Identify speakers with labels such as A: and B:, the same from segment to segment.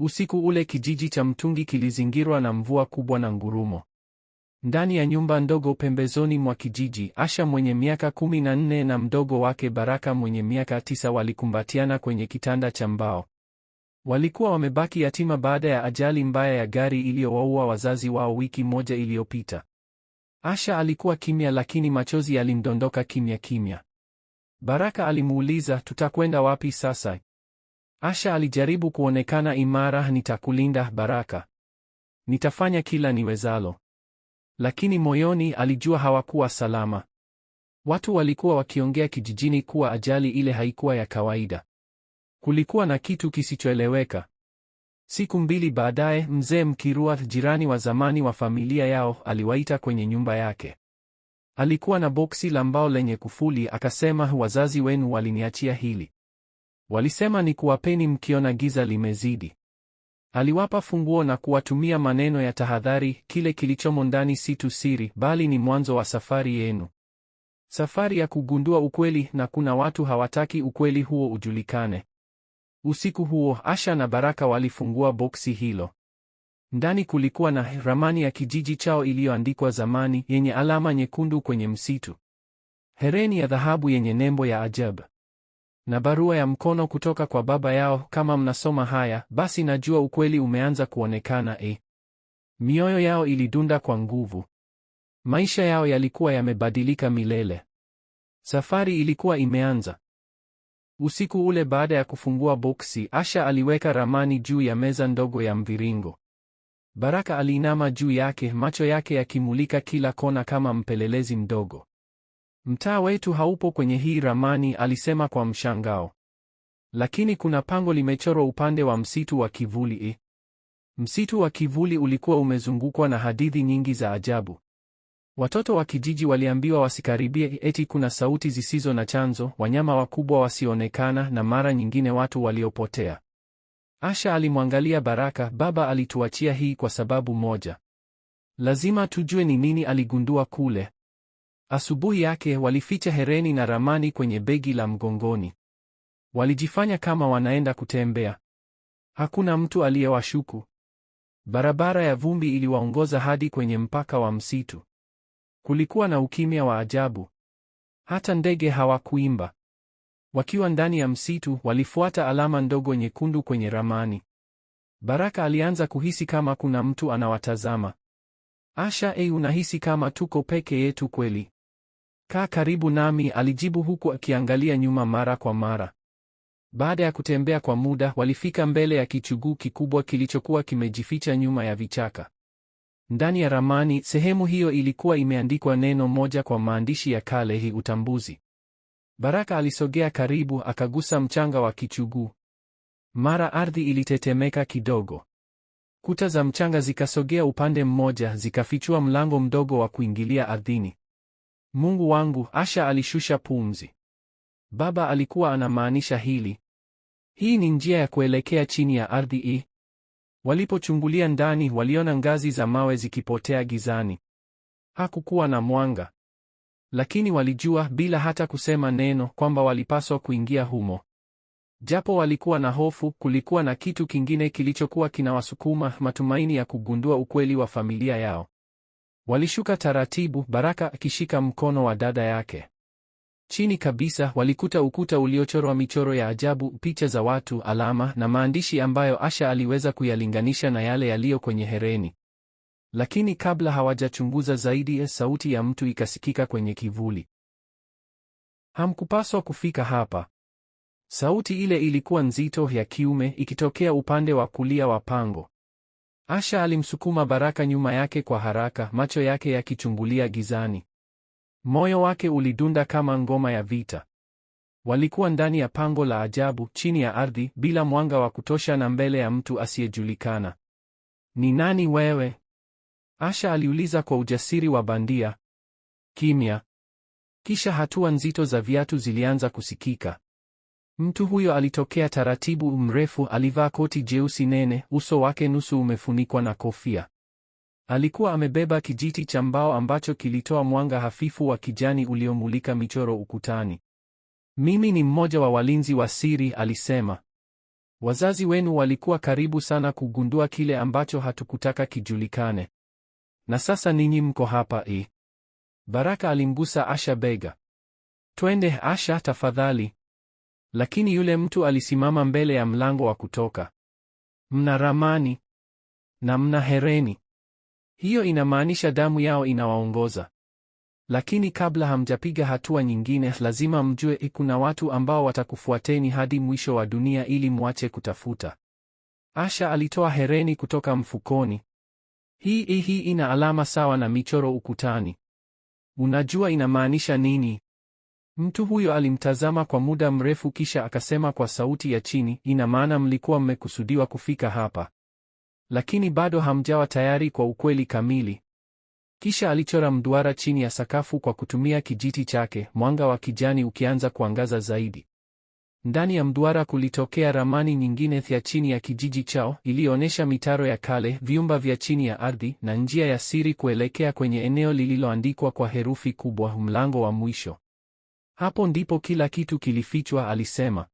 A: Usiku ule kijiji cha Mtungi kilizingirwa na mvua kubwa na ngurumo. Ndani ya nyumba ndogo pembezoni mwa kijiji, Asha mwenye miaka kumi na nne na mdogo wake Baraka mwenye miaka tisa walikumbatiana kwenye kitanda cha mbao. Walikuwa wamebaki yatima baada ya ajali mbaya ya gari iliyowaua wazazi wao wiki moja iliyopita. Asha alikuwa kimya, lakini machozi yalimdondoka kimya kimya. Baraka alimuuliza, tutakwenda wapi sasa? Asha alijaribu kuonekana imara. Nitakulinda Baraka, nitafanya kila niwezalo, lakini moyoni alijua hawakuwa salama. Watu walikuwa wakiongea kijijini kuwa ajali ile haikuwa ya kawaida, kulikuwa na kitu kisichoeleweka. Siku mbili baadaye, mzee Mkirua, jirani wa zamani wa familia yao, aliwaita kwenye nyumba yake. Alikuwa na boksi la mbao lenye kufuli, akasema, wazazi wenu waliniachia hili Walisema ni kuwapeni mkiona giza limezidi. Aliwapa funguo na kuwatumia maneno ya tahadhari, kile kilichomo ndani si tu siri, bali ni mwanzo wa safari yenu. Safari ya kugundua ukweli na kuna watu hawataki ukweli huo ujulikane. Usiku huo, Asha na Baraka walifungua boksi hilo. Ndani kulikuwa na ramani ya kijiji chao iliyoandikwa zamani yenye alama nyekundu kwenye msitu. Hereni ya dhahabu yenye nembo ya ajabu na barua ya mkono kutoka kwa baba yao. Kama mnasoma haya, basi najua ukweli umeanza kuonekana. E, mioyo yao ilidunda kwa nguvu, maisha yao yalikuwa yamebadilika milele. Safari ilikuwa imeanza. Usiku ule baada ya kufungua boksi, Asha aliweka ramani juu ya meza ndogo ya mviringo. Baraka aliinama juu yake, macho yake yakimulika kila kona kama mpelelezi mdogo. Mtaa wetu haupo kwenye hii ramani, alisema kwa mshangao. Lakini kuna pango limechorwa upande wa msitu wa kivuli. E, msitu wa kivuli ulikuwa umezungukwa na hadithi nyingi za ajabu. Watoto wa kijiji waliambiwa wasikaribie, eti kuna sauti zisizo na chanzo, wanyama wakubwa wasioonekana, na mara nyingine watu waliopotea. Asha alimwangalia Baraka. Baba alituachia hii kwa sababu moja, lazima tujue ni nini aligundua kule. Asubuhi yake walificha hereni na ramani kwenye begi la mgongoni. Walijifanya kama wanaenda kutembea. Hakuna mtu aliyewashuku. Barabara ya vumbi iliwaongoza hadi kwenye mpaka wa msitu. Kulikuwa na ukimya wa ajabu. Hata ndege hawakuimba. Wakiwa ndani ya msitu, walifuata alama ndogo nyekundu kwenye ramani. Baraka alianza kuhisi kama kuna mtu anawatazama. Asha, ei, unahisi kama tuko peke yetu kweli? Kaa karibu nami, alijibu huku akiangalia nyuma mara kwa mara. Baada ya kutembea kwa muda, walifika mbele ya kichuguu kikubwa kilichokuwa kimejificha nyuma ya vichaka. Ndani ya ramani, sehemu hiyo ilikuwa imeandikwa neno moja kwa maandishi ya kale, hii utambuzi. Baraka alisogea karibu, akagusa mchanga wa kichuguu. Mara ardhi ilitetemeka kidogo. Kuta za mchanga zikasogea upande mmoja, zikafichua mlango mdogo wa kuingilia ardhini. Mungu wangu! Asha alishusha pumzi. Baba alikuwa anamaanisha hili. Hii ni njia ya kuelekea chini ya ardhi hii. Walipochungulia ndani, waliona ngazi za mawe zikipotea gizani. Hakukuwa na mwanga, lakini walijua bila hata kusema neno kwamba walipaswa kuingia humo. Japo walikuwa na hofu, kulikuwa na kitu kingine kilichokuwa kinawasukuma, matumaini ya kugundua ukweli wa familia yao. Walishuka taratibu, Baraka akishika mkono wa dada yake. Chini kabisa walikuta ukuta uliochorwa michoro ya ajabu, picha za watu, alama na maandishi ambayo Asha aliweza kuyalinganisha na yale yaliyo kwenye hereni. Lakini kabla hawajachunguza zaidi, sauti ya mtu ikasikika kwenye kivuli. Hamkupaswa kufika hapa. Sauti ile ilikuwa nzito, ya kiume, ikitokea upande wa kulia wa pango. Asha alimsukuma Baraka nyuma yake kwa haraka, macho yake yakichungulia gizani. Moyo wake ulidunda kama ngoma ya vita. Walikuwa ndani ya pango la ajabu, chini ya ardhi, bila mwanga wa kutosha na mbele ya mtu asiyejulikana. Ni nani wewe? Asha aliuliza kwa ujasiri wa bandia. Kimya. Kisha hatua nzito za viatu zilianza kusikika. Mtu huyo alitokea taratibu, mrefu, alivaa koti jeusi nene, uso wake nusu umefunikwa na kofia. Alikuwa amebeba kijiti cha mbao ambacho kilitoa mwanga hafifu wa kijani uliomulika michoro ukutani. Mimi ni mmoja wa walinzi wa siri, alisema. Wazazi wenu walikuwa karibu sana kugundua kile ambacho hatukutaka kijulikane, na sasa ninyi mko hapa i. E. Baraka alimgusa Asha bega. Twende Asha, tafadhali. Lakini yule mtu alisimama mbele ya mlango wa kutoka. Mna ramani na mna hereni, hiyo inamaanisha damu yao inawaongoza. Lakini kabla hamjapiga hatua nyingine, lazima mjue kuna watu ambao watakufuateni hadi mwisho wa dunia ili mwache kutafuta. Asha alitoa hereni kutoka mfukoni. Hii hii ina alama sawa na michoro ukutani. Unajua inamaanisha nini? Mtu huyo alimtazama kwa muda mrefu kisha akasema kwa sauti ya chini, ina maana mlikuwa mmekusudiwa kufika hapa, lakini bado hamjawa tayari kwa ukweli kamili. Kisha alichora mduara chini ya sakafu kwa kutumia kijiti chake, mwanga wa kijani ukianza kuangaza zaidi. Ndani ya mduara kulitokea ramani nyingine ya chini ya kijiji chao iliyoonyesha mitaro ya kale, vyumba vya chini ya ardhi na njia ya siri kuelekea kwenye eneo lililoandikwa kwa herufi kubwa, mlango wa mwisho. Hapo ndipo kila kitu kilifichwa, alisema.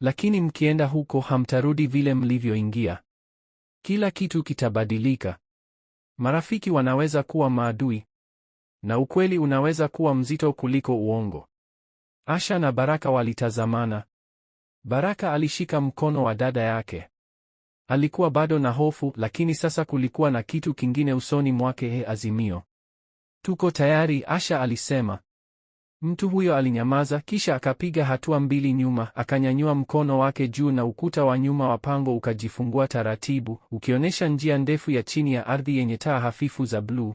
A: Lakini mkienda huko hamtarudi vile mlivyoingia. Kila kitu kitabadilika. Marafiki wanaweza kuwa maadui, na ukweli unaweza kuwa mzito kuliko uongo. Asha na Baraka walitazamana. Baraka alishika mkono wa dada yake. Alikuwa bado na hofu, lakini sasa kulikuwa na kitu kingine usoni mwake. He, Azimio, tuko tayari, Asha alisema. Mtu huyo alinyamaza, kisha akapiga hatua mbili nyuma, akanyanyua mkono wake juu, na ukuta wa nyuma wa pango ukajifungua taratibu, ukionyesha njia ndefu ya chini ya ardhi yenye taa hafifu za bluu.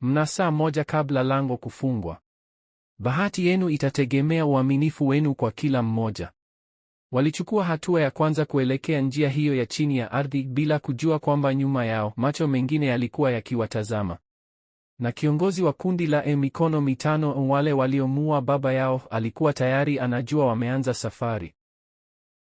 A: Mna saa moja kabla lango kufungwa. Bahati yenu itategemea uaminifu wenu kwa kila mmoja. Walichukua hatua ya kwanza kuelekea njia hiyo ya chini ya ardhi bila kujua kwamba nyuma yao macho mengine yalikuwa yakiwatazama na kiongozi wa kundi la mikono mitano wale waliomua baba yao alikuwa tayari anajua wameanza safari.